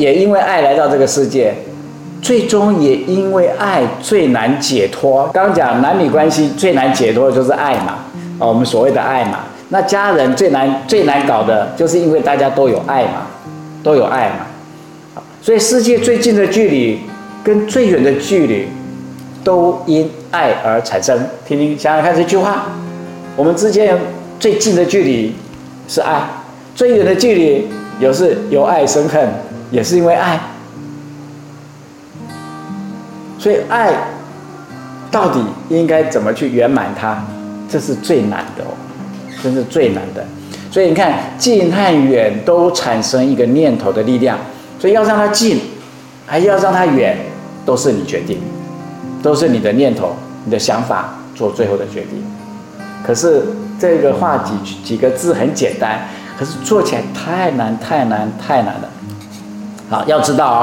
也因為愛來到這個世界，最終也因為愛最難解脫。剛講男女關係最難解脫的就是愛嘛，啊，我們所謂的愛嘛。那家人最難最難搞的就是因為大家都有愛嘛，都有愛嘛。所以世界最近的距離跟最遠的距離都因愛而產生。聽聽想想看這句話：我們之間最近的距離是愛，最遠的距離也是由愛生恨。也是因為愛，所以愛到底應該怎麼去圓滿它，這是最難的哦，這是最難的。所以你看，近和遠都產生一個念頭的力量，所以要讓它近，還要讓它遠，都是你決定，都是你的念頭、你的想法做最後的決定。可是這個話幾幾個字很簡單，可是做起來太難、太難、太難了。啊，要知道哦，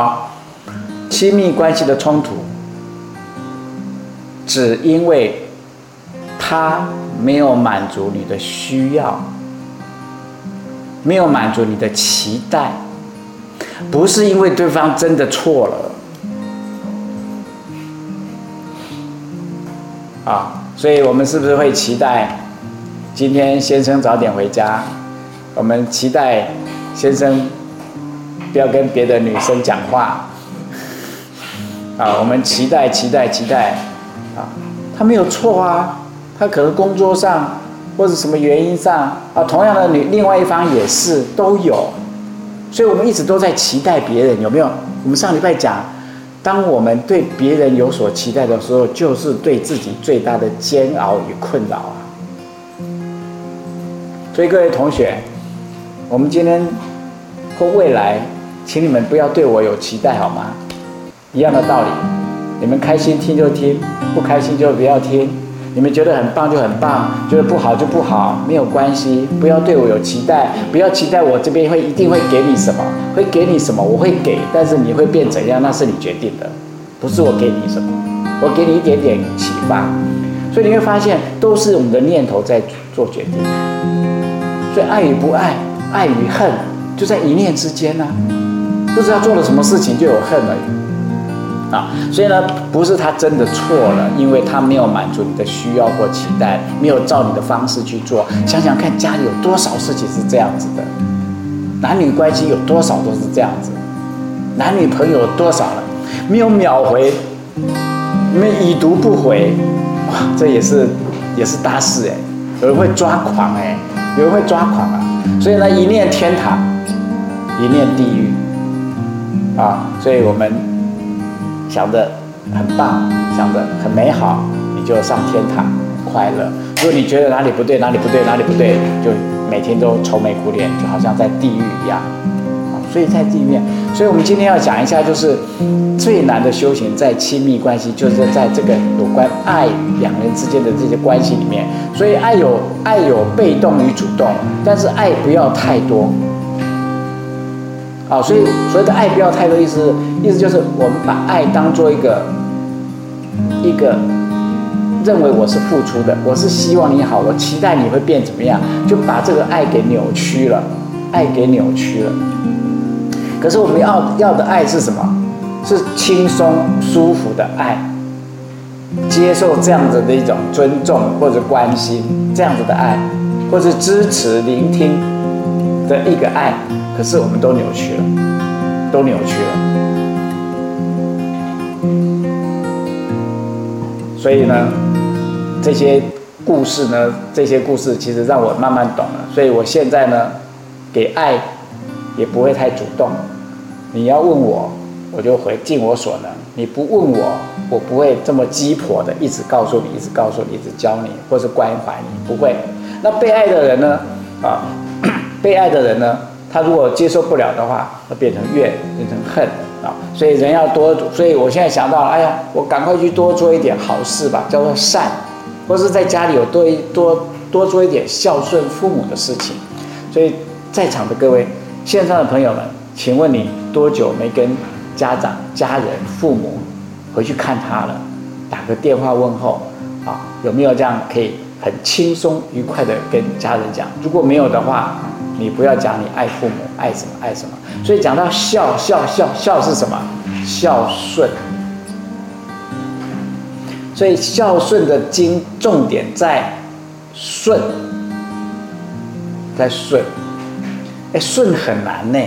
親密關係的衝突，只因為他沒有滿足你的需要，沒有滿足你的期待，不是因為對方真的錯了。啊，所以我們是不是會期待今天先生早點回家？我們期待先生。不要跟別的女生講話，啊，我們期待期待期待，期待啊，他沒有錯啊，他可能工作上或者什麼原因上啊，同樣的女，另外一方也是都有，所以我們一直都在期待別人，有沒有？我們上禮拜講，當我們對別人有所期待的時候，就是對自己最大的煎熬與困擾啊。所以各位同學，我們今天或未來。請你們不要對我有期待，好嗎？一樣的道理，你們開心聽就聽，不開心就不要聽。你們覺得很棒就很棒，覺得不好就不好，沒有關係。不要對我有期待，不要期待我這邊會一定會給你什麼，會給你什麼，我會給，但是你會變怎樣，那是你決定的，不是我給你什麼。我給你一點點啟發，所以你會發現，都是我們的念頭在做決定。所以愛與不愛，愛與恨，就在一念之間呢、啊。不是他做了什麼事情就有恨了啊，所以呢，不是他真的錯了，因為他沒有滿足你的需要或期待，沒有照你的方式去做。想想看，家裡有多少事情是這樣子的？男女關係有多少都是這樣子？男女朋友有多少了？沒有秒回，沒有已讀不回，哇，這也是也是大事哎，有人會抓狂哎，有人會抓狂啊。所以呢，一念天堂，一念地獄。啊，所以我們想着很棒，想着很美好，你就上天堂快樂。如果你覺得哪裡不對，哪裡不對，哪裡不對，就每天都愁眉苦臉，就好像在地獄一樣。所以在地面，所以我們今天要講一下，就是最難的修行在親密關係，就是在這個有關愛兩個人之間的這些關係裡面。所以愛有愛有被動與主動，但是愛不要太多。啊、哦，所以所謂的愛不要太多意思，意思就是我們把愛當做一個，一個認為我是付出的，我是希望你好，我期待你會變怎麼樣，就把這個愛給扭曲了，愛給扭曲了。可是我們要要的愛是什麼？是輕鬆舒服的愛，接受這樣子的一種尊重或者關心，這樣子的愛，或者支持、聆聽。的一個愛，可是我們都扭曲了，都扭曲了。所以呢，這些故事呢，這些故事其實讓我慢慢懂了。所以我現在呢，給愛，也不會太主動。你要問我，我就會盡我所能；你不問我，我不會這麼雞婆的一直告訴你，一直告訴你，一直教你，或是關懷你，不會。那被愛的人呢？啊。被愛的人呢，他如果接受不了的話，會變成怨，變成恨啊。所以人要多，所以我現在想到，哎呀，我趕快去多做一點好事吧，叫做善，或是在家裡有多一多多做一點孝順父母的事情。所以在場的各位，線上的朋友們，請問你多久沒跟家長、家人、父母回去看他了？打個電話問候啊，有沒有這樣可以很輕鬆愉快的跟家人講？如果沒有的話。你不要講你愛父母，愛什麼愛什麼。所以講到孝，孝孝孝是什麼？孝順。所以孝順的經重點在順，在順。哎，順很難呢，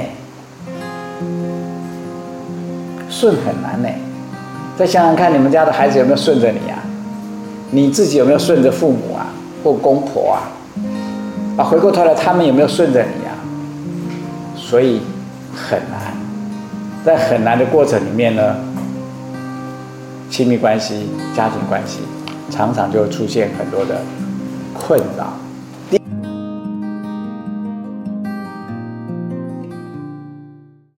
順很難呢。再想想看，你們家的孩子有沒有順着你呀、啊？你自己有沒有順着父母啊，或公婆啊？啊，回過頭來，他們有沒有順着你啊？所以很難，在很難的過程裡面呢，親密關係、家庭關係，常常就會出現很多的困擾。